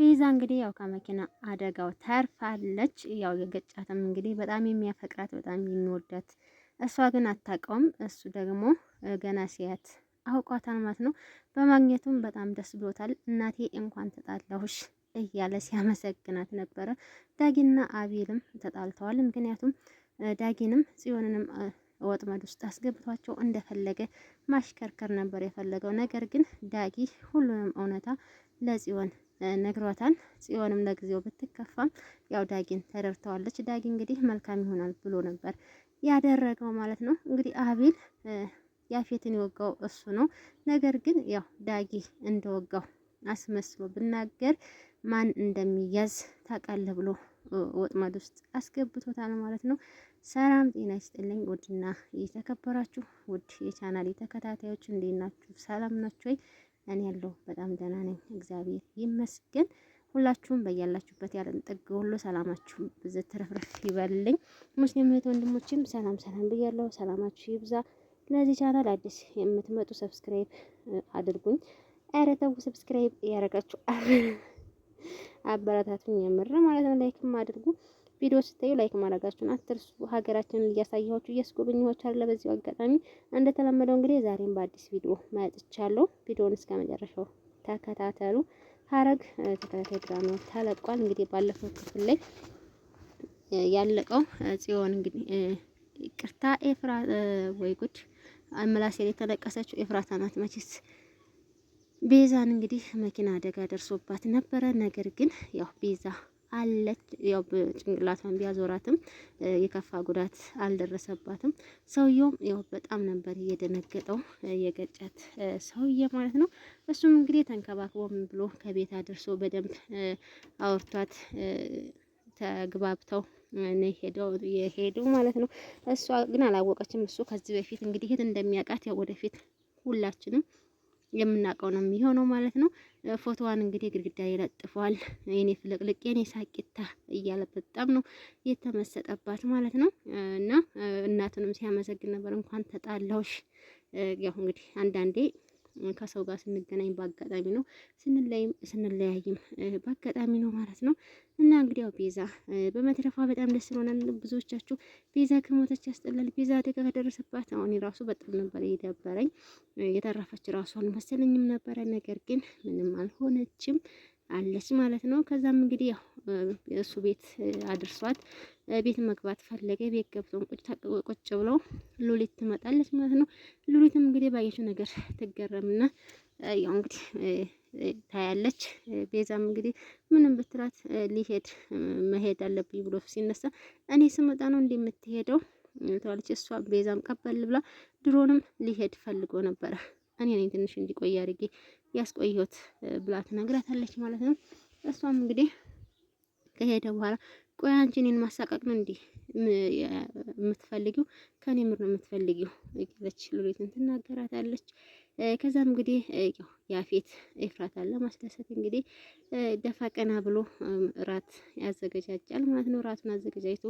ቤዛ እንግዲህ ያው ከመኪና አደጋው ተርፋለች። ያው የገጫትም እንግዲህ በጣም የሚያፈቅራት በጣም የሚወዳት እሷ ግን አታውቀውም። እሱ ደግሞ ገና ሲያት አውቋታል ማለት ነው። በማግኘቱም በጣም ደስ ብሎታል። እናቴ እንኳን ተጣላሁሽ እያለ ሲያመሰግናት ነበረ። ዳጊና አቤልም ተጣልተዋል። ምክንያቱም ዳጊንም ጽዮንንም ወጥመድ ውስጥ አስገብቷቸው እንደፈለገ ማሽከርከር ነበር የፈለገው። ነገር ግን ዳጊ ሁሉንም እውነታ ለጽዮን ነግሯታል። ጽዮንም ለጊዜው ብትከፋም ያው ዳጊን ተረድተዋለች። ዳጊ እንግዲህ መልካም ይሆናል ብሎ ነበር ያደረገው ማለት ነው። እንግዲህ አቤል ያፌትን የወጋው እሱ ነው። ነገር ግን ያው ዳጊ እንደወጋው አስመስሎ ብናገር ማን እንደሚያዝ ታውቃለህ ብሎ ወጥመድ ውስጥ አስገብቶታል ማለት ነው። ሰላም ጤና ይስጥልኝ። ውድና የተከበራችሁ ውድ የቻናል ተከታታዮች እንዴት ናችሁ? ሰላም ናችሁ ወይ? እኔ ያለሁ በጣም ደህና ነኝ፣ እግዚአብሔር ይመስገን። ሁላችሁም በያላችሁበት ያለን ጥግ ሁሉ ሰላማችሁ ብዙ ትርፍርፍ ይበልልኝ። ሙስሊም እህት ወንድሞችም ሰላም ሰላም ብያለሁ፣ ሰላማችሁ ይብዛ። ለዚህ ቻናል አዲስ የምትመጡ ሰብስክራይብ አድርጉኝ። ኧረ ተው ሰብስክራይብ ያደረጋችሁ አበረታቱኝ፣ የምር ማለት ነው። ላይክም አድርጉ። ቪዲዮ ስታዩ ላይክ ማድረጋችሁን አትርሱ። ሀገራችንን እያሳየኋችሁ እያስጎበኘኋችሁ አለ። በዚሁ አጋጣሚ እንደተለመደው እንግዲህ ዛሬም በአዲስ ቪዲዮ መጥቻለሁ። ቪዲዮውን እስከ መጨረሻው ተከታተሉ። ሀረግ ተከታታይ ድራማ ተለቋል። እንግዲህ ባለፈው ክፍል ላይ ያለቀው ጽዮን እንግዲህ ቅርታ ኤፍራ ወይ ጉድ አመላሴ የተለቀሰችው ኤፍራታ ናት መቼስ ቤዛን እንግዲህ መኪና አደጋ ደርሶባት ነበረ። ነገር ግን ያው ቤዛ አለች። ያው ጭንቅላቷን ቢያዞራትም የከፋ ጉዳት አልደረሰባትም። ሰውየውም ያው በጣም ነበር እየደነገጠው የገጨት ሰውዬ ማለት ነው። እሱም እንግዲህ ተንከባክቦም ብሎ ከቤት አድርሶ በደንብ አውርቷት ተግባብተው የሄዱ ማለት ነው። እሷ ግን አላወቀችም። እሱ ከዚህ በፊት እንግዲህ የት እንደሚያውቃት ያው ወደፊት ሁላችንም የምናውቀው ነው የሚሆነው ማለት ነው። ፎቶዋን እንግዲህ ግድግዳ ለጥፏል። የኔ ፍልቅልቅ፣ የኔ ሳቂታ እያለ በጣም ነው የተመሰጠባት ማለት ነው። እና እናቱንም ሲያመሰግን ነበር። እንኳን ተጣላውሽ ያው እንግዲህ አንዳንዴ ከሰው ጋር ስንገናኝ በአጋጣሚ ነው፣ ስንለይም ስንለያይም በአጋጣሚ ነው ማለት ነው። እና እንግዲያው ቤዛ በመትረፏ በጣም ደስ ብሎናል። ብዙዎቻችሁ ቤዛ ከሞተች ያስጠላል፣ ቤዛ አደጋ ከደረሰባት አሁን ራሱ በጣም ነበር የደበረኝ። የተረፈች ራሱ አልመሰለኝም ነበረ፣ ነገር ግን ምንም አልሆነችም አለች ማለት ነው። ከዛም እንግዲህ ያው እሱ ቤት አድርሷት ቤት መግባት ፈለገ። ቤት ገብተውን ቁጭ ብለው ሉሊት ትመጣለች ማለት ነው። ሉሊትም እንግዲህ ባየችው ነገር ትገረምና ያው እንግዲህ ታያለች። ቤዛም እንግዲህ ምንም ብትላት ሊሄድ መሄድ አለብኝ ብሎ ሲነሳ እኔ ስመጣ ነው እንደምትሄደው ተዋለች። እሷ ቤዛም ቀበል ብላ ድሮንም ሊሄድ ፈልጎ ነበረ እኔ ነኝ ትንሽ እንዲቆይ አድርጌ ያስቆየሁት ብላ ትነግራታለች ማለት ነው። እሷም እንግዲህ ከሄደ በኋላ ቆይ አንቺ እኔን ማሳቀቅ ነው እንዲህ የምትፈልጊው? ከኔ ምር ነው የምትፈልጊው? እያለች ሉሊትን ትናገራታለች። ከዛም እንግዲህ ያፌት ኤፍራታን ለማስደሰት እንግዲህ ደፋ ቀና ብሎ ራት ያዘገጃጃል ማለት ነው። ራቱን አዘገጃጅቶ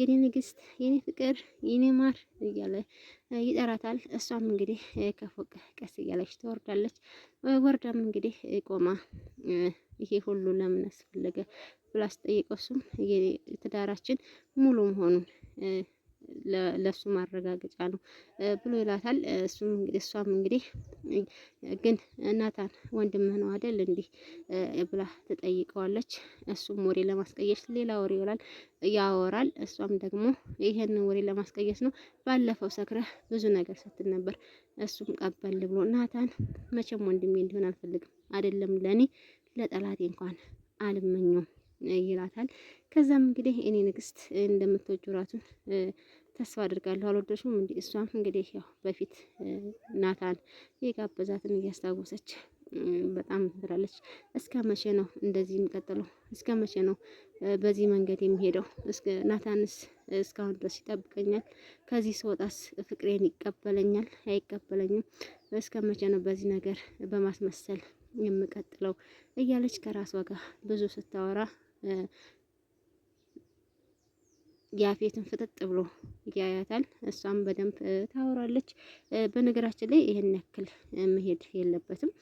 የኔ ንግስት፣ የኔ ፍቅር፣ የኔ ማር እያለ ይጠራታል። እሷም እንግዲህ ከፎቅ ቀስ እያለች ትወርዳለች። ወርዳም እንግዲህ ቆማ ይሄ ሁሉ ለምን አስፈለገ? ብላ አስጠየቀው። እሱም ትዳራችን ሙሉ መሆኑን ለእሱ ማረጋገጫ ነው ብሎ ይላታል። እሱም እሷም እንግዲህ ግን እናታን ወንድምህ ነው አደል እንዲህ ብላ ትጠይቀዋለች። እሱም ወሬ ለማስቀየስ ሌላ ወሬ ይውላል ያወራል። እሷም ደግሞ ይህን ወሬ ለማስቀየስ ነው ባለፈው ሰክረህ ብዙ ነገር ስትል ነበር። እሱም ቀበል ብሎ እናታን መቼም ወንድሜ እንዲሆን አልፈልግም፣ አይደለም ለእኔ ለጠላቴ እንኳን አልመኘውም ይላታል። ከዛም እንግዲህ እኔ ንግስት እንደምትወጁ ራሱን ተስፋ አድርጋለሁ አልወደሽም። እንዲህ እሷም እንግዲህ ያው በፊት ናታን የጋበዛትን እያስታወሰች በጣም ትላለች። እስከ መቼ ነው እንደዚህ የሚቀጥለው? እስከ መቼ ነው በዚህ መንገድ የሚሄደው? ናታንስ እስካሁን ድረስ ይጠብቀኛል። ከዚህ ስወጣስ ፍቅሬን ይቀበለኛል አይቀበለኝም? እስከ መቼ ነው በዚህ ነገር በማስመሰል የምቀጥለው? እያለች ከራሷ ጋር ብዙ ስታወራ ያፌትን ፍጥጥ ብሎ ያያታል። እሷም በደንብ ታወራለች። በነገራችን ላይ ይሄን ያክል መሄድ የለበትም።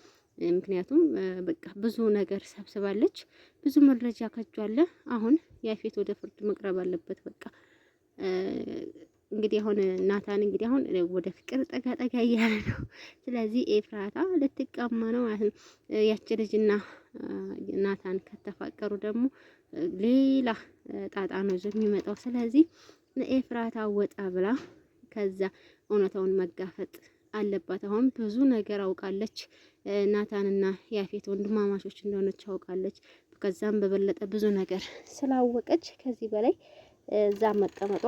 ምክንያቱም በቃ ብዙ ነገር ሰብስባለች፣ ብዙ መረጃ ከጇለ። አሁን ያፌት ወደ ፍርድ መቅረብ አለበት በቃ እንግዲህ አሁን ናታን እንግዲህ አሁን ወደ ፍቅር ጠጋ ጠጋ እያለ ነው። ስለዚህ ኤፍራታ ልትቀማ ነው ማለት ነው። ያቺ ልጅና ናታን ከተፋቀሩ ደግሞ ሌላ ጣጣ ነው ይዞ የሚመጣው። ስለዚህ ኤፍራታ ወጣ ብላ ከዛ እውነታውን መጋፈጥ አለባት። አሁን ብዙ ነገር አውቃለች። ናታንና ያፌት ወንድማማቾች እንደሆነች አውቃለች። ከዛም በበለጠ ብዙ ነገር ስላወቀች ከዚህ በላይ እዛ መቀመጧ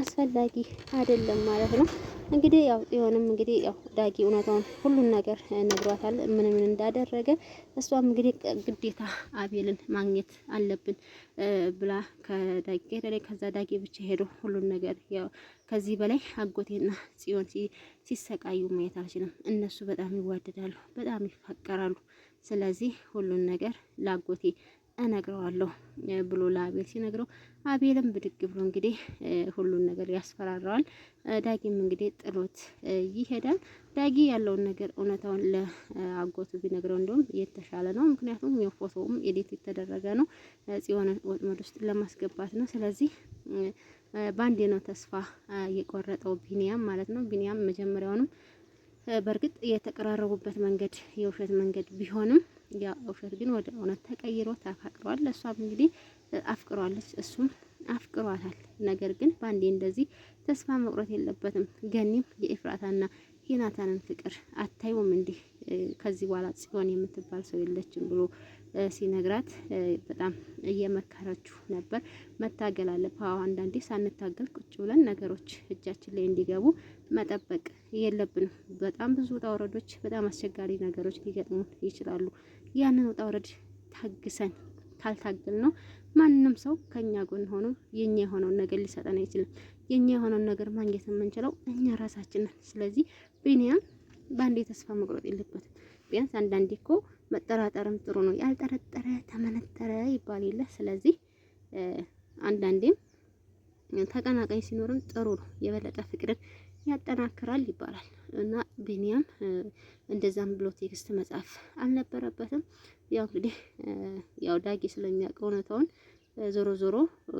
አስፈላጊ አይደለም ማለት ነው። እንግዲህ ያው ጽዮንም እንግዲህ ያው ዳጊ እውነታውን ሁሉን ነገር ነግሯታል፣ ምን ምን እንዳደረገ። እሷም እንግዲህ ግዴታ አቤልን ማግኘት አለብን ብላ ከዳጊ ላይ ከዛ ዳጊ ብቻ ሄዶ ሁሉን ነገር ያው ከዚህ በላይ አጎቴና ጽዮን ሲሰቃዩ ማየት አልችልም። እነሱ በጣም ይዋደዳሉ፣ በጣም ይፈቀራሉ። ስለዚህ ሁሉን ነገር ላጎቴ እነግረዋለሁ ብሎ ለአቤል ሲነግረው አቤልም ብድግ ብሎ እንግዲህ ሁሉን ነገር ያስፈራረዋል። ዳጊም እንግዲህ ጥሎት ይሄዳል። ዳጊ ያለውን ነገር እውነታውን ለአጎቱ ቢነግረው እንዲሁም የተሻለ ነው። ምክንያቱም የፎቶውም ኤዲት የተደረገ ነው፣ ጽዮንን ወጥመድ ውስጥ ለማስገባት ነው። ስለዚህ በአንዴ ነው ተስፋ የቆረጠው ቢኒያም ማለት ነው። ቢኒያም መጀመሪያውንም በእርግጥ የተቀራረቡበት መንገድ የውሸት መንገድ ቢሆንም ያ ውሸት ግን ወደ እውነት ተቀይሮ ተፋቅሯል። እሷም እንግዲህ አፍቅሯለች፣ እሱም አፍቅሯታል። ነገር ግን በአንዴ እንደዚህ ተስፋ መቁረጥ የለበትም። ገኒም የኤፍራታና የናታንን ፍቅር አታይውም እንዲህ ከዚህ በኋላ ጽዮን የምትባል ሰው የለችም ብሎ ሲነግራት በጣም እየመከረችው ነበር። መታገል አለብህ። አዎ አንዳንዴ ሳንታገል ቁጭ ብለን ነገሮች እጃችን ላይ እንዲገቡ መጠበቅ የለብንም። በጣም ብዙ ውጣ ውረዶች፣ በጣም አስቸጋሪ ነገሮች ሊገጥሙ ይችላሉ። ያንን ውጣ ውረድ ታግሰን ካልታገል ነው ማንም ሰው ከኛ ጎን ሆኖ የኛ የሆነውን ነገር ሊሰጠን አይችልም። የኛ የሆነውን ነገር ማግኘት የምንችለው እኛ ራሳችን ነን። ስለዚህ ቢኒያም በአንዴ ተስፋ መቁረጥ የለበትም። ቢያንስ አንዳንዴ እኮ መጠራጠርም ጥሩ ነው። ያልጠረጠረ ተመነጠረ ይባል የለ። ስለዚህ አንዳንዴም ተቀናቃኝ ሲኖርም ጥሩ ነው። የበለጠ ፍቅርን ያጠናክራል ይባላል እና ቢኒያም እንደዛም ብሎ ቴክስት መጻፍ አልነበረበትም። ያው እንግዲህ ያው ዳጊ ስለሚያውቅ እውነታውን ዞሮ ዞሮ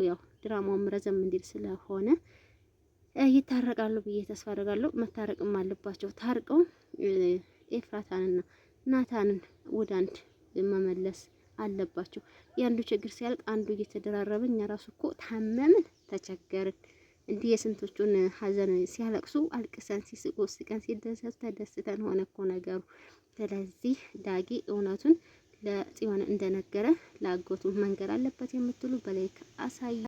ያው ድራማውም ረዘም እንዲል ስለሆነ ይታረቃሉ ብዬ ተስፋ አደርጋለሁ። መታረቅም አለባቸው። ታርቀው ኤፍራታንና ናታንን ወደ አንድ መመለስ አለባቸው። ያንዱ ችግር ሲያልቅ አንዱ እየተደራረበ እኛ ራሱ እኮ ታመምን፣ ተቸገርን እንዲህ የስንቶቹን ሀዘን ሲያለቅሱ አልቅሰን፣ ሲስቁ ስቀን፣ ሲደሰቱ ተደስተን ሆነ እኮ ነገሩ። ስለዚህ ዳጊ እውነቱን ለጽዮን እንደነገረ ለአጎቱ መንገር አለበት የምትሉ በላይክ አሳዩ።